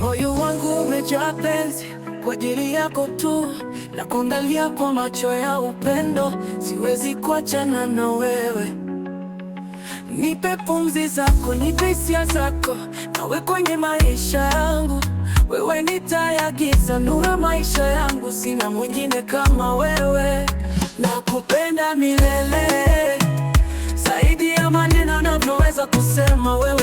Moyo wangu umejaa penzi kwa ajili yako tu, na kuangalia kwa macho ya upendo, siwezi kuachana na wewe. Nipe pumzi zako, nipe hisia zako, nawe kwenye maisha yangu. Wewe ni taa ya giza, nura maisha yangu, sina mwingine kama wewe. Nakupenda milele, zaidi ya maneno navyoweza kusema wewe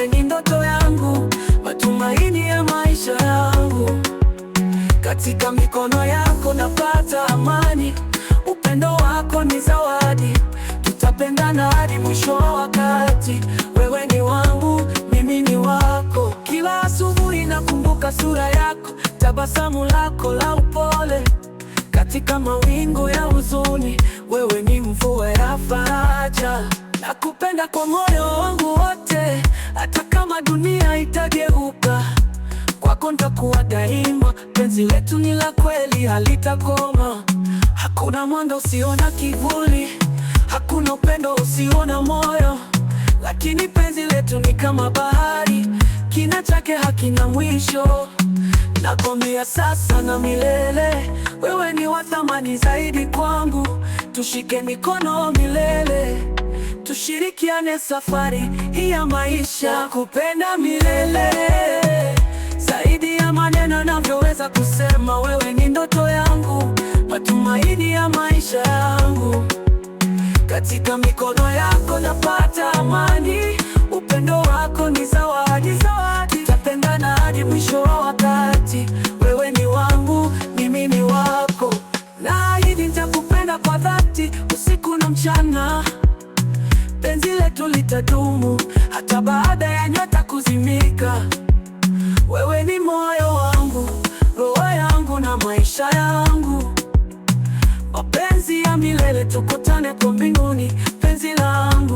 Katika mikono yako napata amani, upendo wako ni zawadi, tutapendana hadi mwisho wa wakati. Wewe ni wangu, mimi ni wako. Kila asubuhi nakumbuka sura yako, tabasamu lako la upole katika mawingu ya huzuni. Wewe ni mvua ya faraja, nakupenda kwa moyo wangu wote, hata kama dunia itageuka, kwako nitakuwa daima penzi letu ni la kweli, halitakoma. Hakuna mwanga usiona kivuli, hakuna upendo usiona moyo, lakini penzi letu ni kama bahari, kina chake hakina mwisho. Nakwambia sasa na milele, wewe ni wa thamani zaidi kwangu. Tushike mikono milele, tushirikiane safari hii ya maisha, kupenda milele. wako napata amani, upendo wako ni zawadi, zawadi. Tutapendana hadi mwisho wa wakati, wewe ni wangu, mimi ni wako, naahidi nitakupenda kwa dhati, usiku na mchana, penzi letu litadumu hata baada ya nyota kuzimika. Wewe ni moyo wangu, roho yangu na maisha yangu, mapenzi ya milele, tukutane kwa mbinguni. penzi long